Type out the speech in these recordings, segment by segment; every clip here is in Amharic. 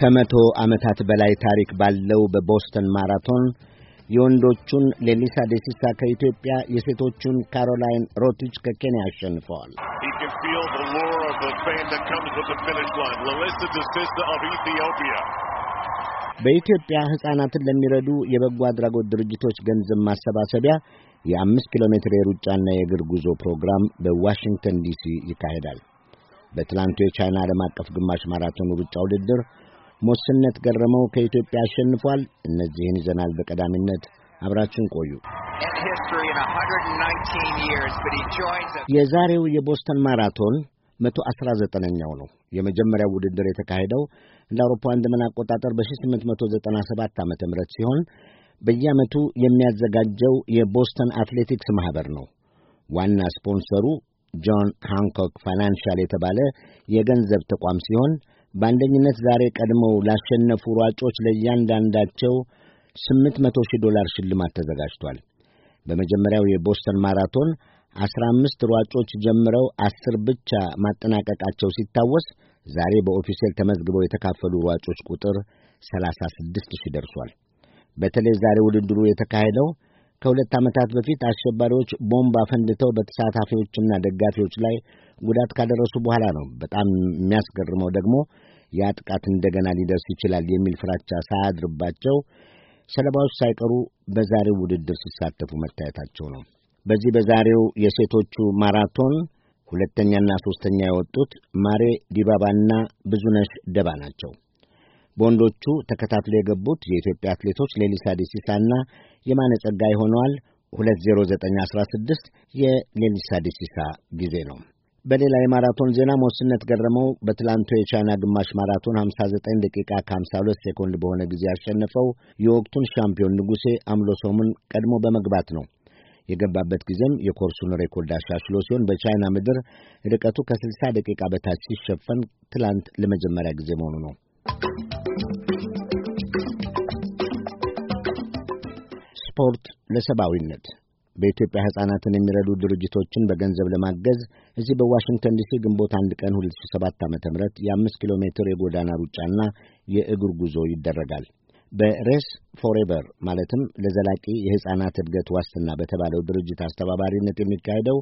ከመቶ ዓመታት በላይ ታሪክ ባለው በቦስተን ማራቶን የወንዶቹን ሌሊሳ ዴሲሳ ከኢትዮጵያ፣ የሴቶቹን ካሮላይን ሮቲች ከኬንያ አሸንፈዋል። በኢትዮጵያ ሕፃናትን ለሚረዱ የበጎ አድራጎት ድርጅቶች ገንዘብ ማሰባሰቢያ የአምስት ኪሎ ሜትር የሩጫና የእግር ጉዞ ፕሮግራም በዋሽንግተን ዲሲ ይካሄዳል። በትላንቱ የቻይና ዓለም አቀፍ ግማሽ ማራቶን ሩጫ ውድድር ሞስነት ገረመው ከኢትዮጵያ አሸንፏል። እነዚህን ይዘናል በቀዳሚነት አብራችን ቆዩ። የዛሬው የቦስተን ማራቶን መቶ አስራ ዘጠነኛው ነው። የመጀመሪያው ውድድር የተካሄደው እንደ አውሮፓውያን ዘመን አቆጣጠር በ1897 ዓመተ ምህረት ሲሆን በየዓመቱ የሚያዘጋጀው የቦስተን አትሌቲክስ ማኅበር ነው። ዋና ስፖንሰሩ ጆን ሃንኮክ ፋይናንሻል የተባለ የገንዘብ ተቋም ሲሆን በአንደኝነት ዛሬ ቀድመው ላሸነፉ ሯጮች ለእያንዳንዳቸው ስምንት መቶ ሺህ ዶላር ሽልማት ተዘጋጅቷል። በመጀመሪያው የቦስተን ማራቶን አስራ አምስት ሯጮች ጀምረው አስር ብቻ ማጠናቀቃቸው ሲታወስ ዛሬ በኦፊሴል ተመዝግበው የተካፈሉ ሯጮች ቁጥር ሰላሳ ስድስት ሺህ ደርሷል። በተለይ ዛሬ ውድድሩ የተካሄደው ከሁለት ዓመታት በፊት አሸባሪዎች ቦምብ አፈንድተው በተሳታፊዎችና ደጋፊዎች ላይ ጉዳት ካደረሱ በኋላ ነው። በጣም የሚያስገርመው ደግሞ ያ ጥቃት እንደገና ሊደርስ ይችላል የሚል ፍራቻ ሳያድርባቸው ሰለባዎች ሳይቀሩ በዛሬው ውድድር ሲሳተፉ መታየታቸው ነው። በዚህ በዛሬው የሴቶቹ ማራቶን ሁለተኛና ሦስተኛ የወጡት ማሬ ዲባባና ብዙነሽ ደባ ናቸው። በወንዶቹ ተከታትለው የገቡት የኢትዮጵያ አትሌቶች ሌሊሳ ዲሲሳና የማነ ጸጋይ ሆነዋል። 20916 የሌሊሳ ዲሲሳ ጊዜ ነው። በሌላ የማራቶን ዜና ሞስነት ገረመው በትላንቱ የቻይና ግማሽ ማራቶን 59 ደቂቃ ከ52 ሴኮንድ በሆነ ጊዜ ያሸነፈው የወቅቱን ሻምፒዮን ንጉሴ አምሎሶምን ቀድሞ በመግባት ነው። የገባበት ጊዜም የኮርሱን ሬኮርድ አሻሽሎ ሲሆን በቻይና ምድር ርቀቱ ከ60 ደቂቃ በታች ሲሸፈን ትላንት ለመጀመሪያ ጊዜ መሆኑ ነው። ስፖርት ለሰብአዊነት በኢትዮጵያ ሕፃናትን የሚረዱ ድርጅቶችን በገንዘብ ለማገዝ እዚህ በዋሽንግተን ዲሲ ግንቦት አንድ ቀን 2007 ም የአምስት ኪሎ ሜትር የጎዳና ሩጫና የእግር ጉዞ ይደረጋል። በሬስ ፎሬቨር ማለትም ለዘላቂ የሕፃናት እድገት ዋስትና በተባለው ድርጅት አስተባባሪነት የሚካሄደው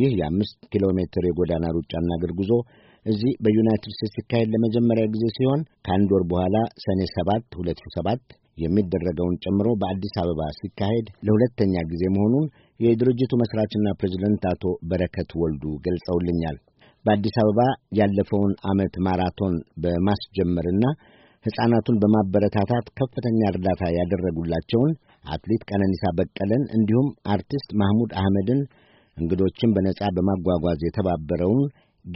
ይህ የአምስት ኪሎ ሜትር የጎዳና ሩጫና እግር ጉዞ እዚህ በዩናይትድ ስቴትስ ሲካሄድ ለመጀመሪያ ጊዜ ሲሆን ከአንድ ወር በኋላ ሰኔ 7 2007 የሚደረገውን ጨምሮ በአዲስ አበባ ሲካሄድ ለሁለተኛ ጊዜ መሆኑን የድርጅቱ መስራችና ፕሬዚደንት አቶ በረከት ወልዱ ገልጸውልኛል። በአዲስ አበባ ያለፈውን ዓመት ማራቶን በማስጀመርና ሕፃናቱን በማበረታታት ከፍተኛ እርዳታ ያደረጉላቸውን አትሌት ቀነኒሳ በቀለን እንዲሁም አርቲስት ማህሙድ አህመድን እንግዶችን በነጻ በማጓጓዝ የተባበረውን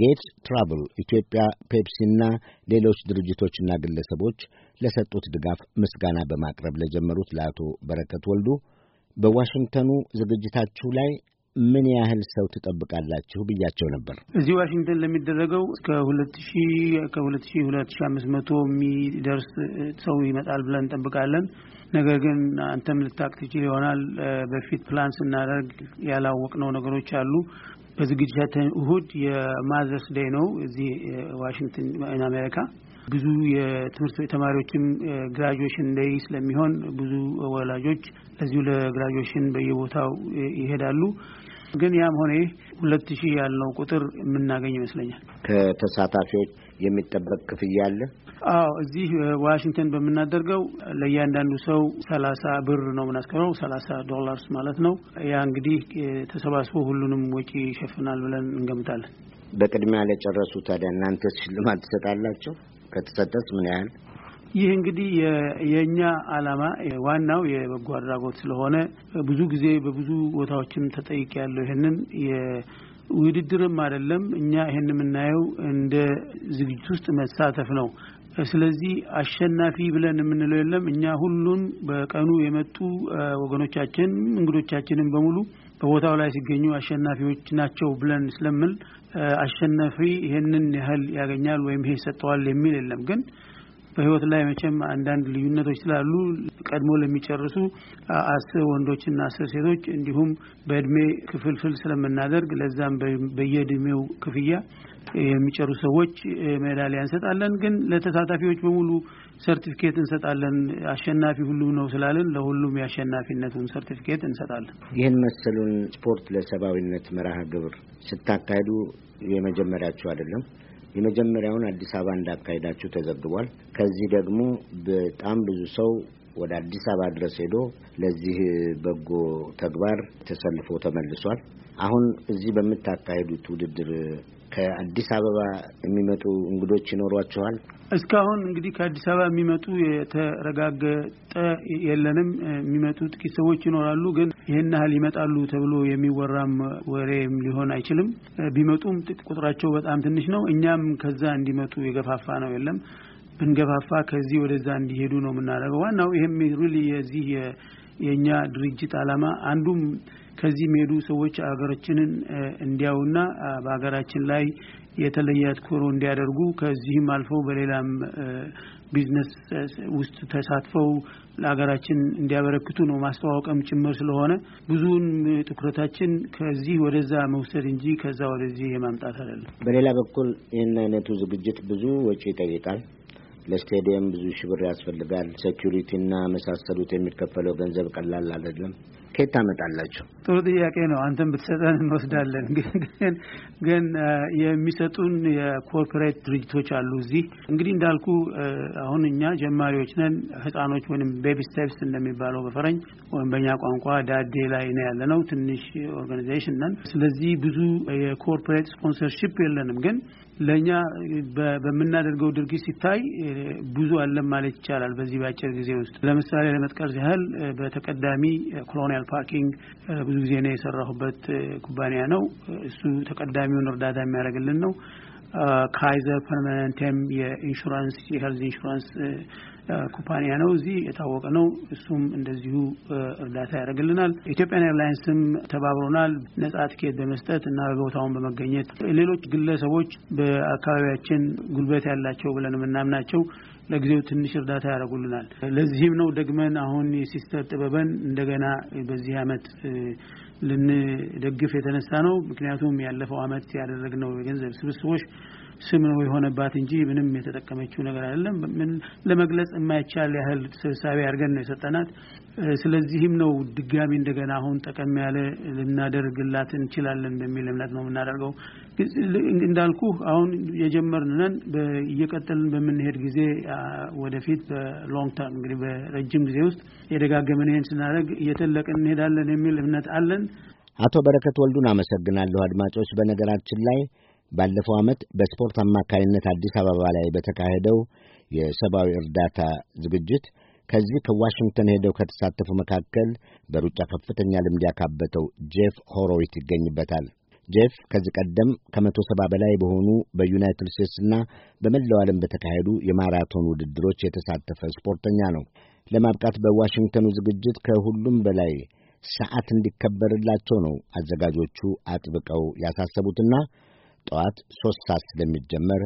ጌትስ ትራቭል ኢትዮጵያ፣ ፔፕሲና ሌሎች ድርጅቶችና ግለሰቦች ለሰጡት ድጋፍ ምስጋና በማቅረብ ለጀመሩት ለአቶ በረከት ወልዱ በዋሽንግተኑ ዝግጅታችሁ ላይ ምን ያህል ሰው ትጠብቃላችሁ ብያቸው ነበር። እዚህ ዋሽንግተን ለሚደረገው እስከ ሁለት ሺ ከሁለት ሺ ሁለት ሺ አምስት መቶ የሚደርስ ሰው ይመጣል ብለን እንጠብቃለን። ነገር ግን አንተም ልታቅ ትችል ይሆናል። በፊት ፕላን ስናደርግ ያላወቅነው ነገሮች አሉ። በዝግጅት እሁድ የማዘርስ ዴይ ነው። እዚህ ዋሽንግተን አሜሪካ ብዙ የትምህርት ተማሪዎችም ግራጁዌሽን ዴይ ስለሚሆን ብዙ ወላጆች ለዚሁ ለግራጁዌሽን በየቦታው ይሄዳሉ። ግን ያም ሆነ ይህ ሁለት ሺህ ያልነው ቁጥር የምናገኝ ይመስለኛል። ከተሳታፊዎች የሚጠበቅ ክፍያ አለ? አዎ እዚህ ዋሽንግተን በምናደርገው ለእያንዳንዱ ሰው ሰላሳ ብር ነው ምናስከረው ሰላሳ ዶላርስ ማለት ነው። ያ እንግዲህ ተሰባስቦ ሁሉንም ወጪ ይሸፍናል ብለን እንገምታለን። በቅድሚያ ለጨረሱ ታዲያ እናንተስ ሽልማት ትሰጣላቸው? ከተሰጠስ ምን ያህል? ይህ እንግዲህ የእኛ አላማ ዋናው የበጎ አድራጎት ስለሆነ ብዙ ጊዜ በብዙ ቦታዎችም ተጠይቅ ያለው ይህንን ውድድርም አይደለም። እኛ ይህን የምናየው እንደ ዝግጅት ውስጥ መሳተፍ ነው። ስለዚህ አሸናፊ ብለን የምንለው የለም። እኛ ሁሉን በቀኑ የመጡ ወገኖቻችን እንግዶቻችንም በሙሉ በቦታው ላይ ሲገኙ አሸናፊዎች ናቸው ብለን ስለምል አሸናፊ ይህንን ያህል ያገኛል ወይም ይሄ ይሰጠዋል የሚል የለም ግን በህይወት ላይ መቼም አንዳንድ ልዩነቶች ስላሉ ቀድሞ ለሚጨርሱ አስር ወንዶችና አስር ሴቶች እንዲሁም በእድሜ ክፍልፍል ስለምናደርግ ለዛም በየእድሜው ክፍያ የሚጨርሱ ሰዎች ሜዳሊያ እንሰጣለን። ግን ለተሳታፊዎች በሙሉ ሰርቲፊኬት እንሰጣለን። አሸናፊ ሁሉም ነው ስላለን ለሁሉም የአሸናፊነቱን ሰርቲፊኬት እንሰጣለን። ይህን መሰሉን ስፖርት ለሰብአዊነት መርሃ ግብር ስታካሂዱ የመጀመሪያችሁ አይደለም። የመጀመሪያውን አዲስ አበባ እንዳካሄዳችሁ ተዘግቧል። ከዚህ ደግሞ በጣም ብዙ ሰው ወደ አዲስ አበባ ድረስ ሄዶ ለዚህ በጎ ተግባር ተሰልፎ ተመልሷል። አሁን እዚህ በምታካሄዱት ውድድር ከአዲስ አበባ የሚመጡ እንግዶች ይኖሯችኋል? እስካሁን እንግዲህ ከአዲስ አበባ የሚመጡ የተረጋገጠ የለንም። የሚመጡ ጥቂት ሰዎች ይኖራሉ፣ ግን ይህን ያህል ይመጣሉ ተብሎ የሚወራም ወሬም ሊሆን አይችልም። ቢመጡም ቁጥራቸው በጣም ትንሽ ነው። እኛም ከዛ እንዲመጡ የገፋፋ ነው የለም። ብንገፋፋ ከዚህ ወደዛ እንዲሄዱ ነው የምናደርገው። ዋናው ይህም ሪሊ የዚህ የእኛ ድርጅት ዓላማ አንዱም ከዚህ የሚሄዱ ሰዎች ሀገራችንን እንዲያዩና በሀገራችን ላይ የተለየ አትኩሮ እንዲያደርጉ ከዚህም አልፈው በሌላም ቢዝነስ ውስጥ ተሳትፈው ለሀገራችን እንዲያበረክቱ ነው ማስተዋወቅም ጭምር ስለሆነ ብዙውን ትኩረታችን ከዚህ ወደዛ መውሰድ እንጂ ከዛ ወደዚህ የማምጣት አይደለም። በሌላ በኩል ይህን አይነቱ ዝግጅት ብዙ ወጪ ይጠይቃል። ለስቴዲየም ብዙ ሺህ ብር ያስፈልጋል። ሴኪሪቲና መሳሰሉት የሚከፈለው ገንዘብ ቀላል አይደለም። ከየት ታመጣላችሁ? ጥሩ ጥያቄ ነው። አንተም ብትሰጠን እንወስዳለን። ግን ግን የሚሰጡን የኮርፖሬት ድርጅቶች አሉ። እዚህ እንግዲህ እንዳልኩ አሁን እኛ ጀማሪዎች ነን። ህጻኖች ወይም ቤቢ ስቴፕስ እንደሚባለው በፈረንጅ ወይም በእኛ ቋንቋ ዳዴ ላይ ነው ያለ ነው። ትንሽ ኦርጋናይዜሽን ነን። ስለዚህ ብዙ የኮርፖሬት ስፖንሰርሺፕ የለንም ግን ለእኛ በምናደርገው ድርጊት ሲታይ ብዙ አለም ማለት ይቻላል። በዚህ በአጭር ጊዜ ውስጥ ለምሳሌ ለመጥቀስ ያህል በተቀዳሚ ኮሎኒያል ፓርኪንግ ብዙ ጊዜ ነው የሰራሁበት ኩባንያ ነው። እሱ ተቀዳሚውን እርዳታ የሚያደርግልን ነው። ካይዘር ፐርማነንቴም የኢንሹራንስ የሄልዝ ኢንሹራንስ ኩፓንያ ነው፣ እዚህ የታወቀ ነው። እሱም እንደዚሁ እርዳታ ያደርግልናል። ኢትዮጵያን ኤርላይንስም ተባብሮናል፣ ነጻ ትኬት በመስጠት እና በቦታውን በመገኘት ሌሎች ግለሰቦች በአካባቢያችን ጉልበት ያላቸው ብለን የምናምናቸው ለጊዜው ትንሽ እርዳታ ያደርጉልናል። ለዚህም ነው ደግመን አሁን የሲስተር ጥበበን እንደገና በዚህ አመት ልንደግፍ የተነሳ ነው። ምክንያቱም ያለፈው አመት ያደረግነው የገንዘብ ስብስቦች ስም ነው የሆነባት እንጂ ምንም የተጠቀመችው ነገር አይደለም። ለመግለጽ የማይቻል ያህል ስብሳቢ አድርገን ነው የሰጠናት። ስለዚህም ነው ድጋሚ እንደገና አሁን ጠቀም ያለ ልናደርግላት እንችላለን በሚል እምነት ነው የምናደርገው። እንዳልኩ አሁን የጀመርንን እየቀጠልን በምንሄድ ጊዜ ወደፊት በሎንግ ተርም እንግዲህ በረጅም ጊዜ ውስጥ የደጋገመን ይህን ስናደርግ እየተለቅን እንሄዳለን የሚል እምነት አለን። አቶ በረከት ወልዱን አመሰግናለሁ። አድማጮች፣ በነገራችን ላይ ባለፈው ዓመት በስፖርት አማካይነት አዲስ አበባ ላይ በተካሄደው የሰብአዊ እርዳታ ዝግጅት ከዚህ ከዋሽንግተን ሄደው ከተሳተፉ መካከል በሩጫ ከፍተኛ ልምድ ያካበተው ጄፍ ሆሮዊት ይገኝበታል። ጄፍ ከዚህ ቀደም ከመቶ ሰባ በላይ በሆኑ በዩናይትድ ስቴትስና በመላው ዓለም በተካሄዱ የማራቶን ውድድሮች የተሳተፈ ስፖርተኛ ነው። ለማብቃት በዋሽንግተኑ ዝግጅት ከሁሉም በላይ ሰዓት እንዲከበርላቸው ነው አዘጋጆቹ አጥብቀው ያሳሰቡትና ጠዋት ሦስት ሰዓት ስለሚጀመር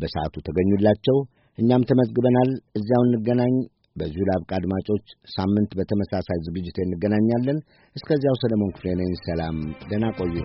በሰዓቱ ተገኙላቸው። እኛም ተመዝግበናል። እዚያው እንገናኝ። በዚሁ ላብቃ። አድማጮች፣ ሳምንት በተመሳሳይ ዝግጅት እንገናኛለን። እስከዚያው ሰለሞን ክፍሌ ነኝ። ሰላም፣ ደህና ቆዩ።